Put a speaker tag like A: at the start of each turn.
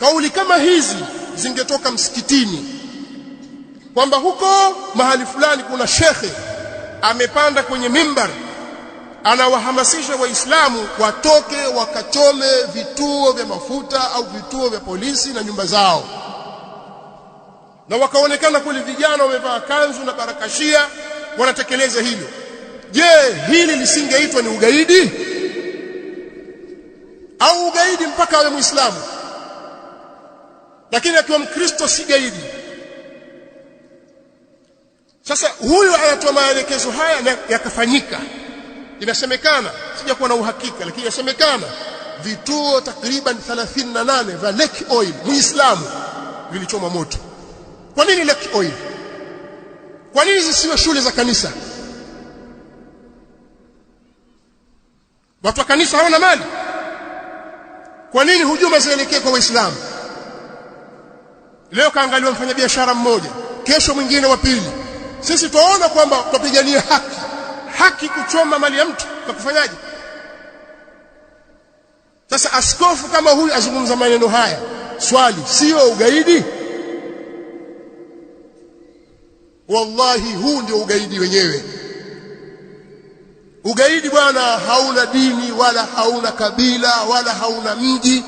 A: Kauli kama hizi zingetoka msikitini, kwamba huko mahali fulani kuna shekhe amepanda kwenye mimbar anawahamasisha Waislamu watoke wakachome vituo vya mafuta au vituo vya polisi na nyumba zao, na wakaonekana kule vijana wamevaa kanzu na barakashia wanatekeleza hilo. Je, hili lisingeitwa ni ugaidi? Au ugaidi mpaka awe Muislamu? lakini akiwa mkristo si gaidi sasa huyu anatoa maelekezo haya yakafanyika inasemekana sijakuwa na uhakika lakini inasemekana vituo takriban 38 vya Lake Oil muislamu vilichoma moto kwa nini Lake Oil kwa nini zisiwe shule za kanisa watu wa kanisa hawana mali kwa nini hujuma zielekee kwa waislamu leo kaangaliwa mfanyabiashara mmoja, kesho mwingine wa pili. Sisi twaona kwamba twapigania haki, haki kuchoma mali ya mtu kwa kufanyaje? Sasa askofu kama huyu azungumza maneno haya, swali sio ugaidi? Wallahi, huu ndio ugaidi wenyewe. Ugaidi bwana hauna dini wala hauna kabila wala hauna mji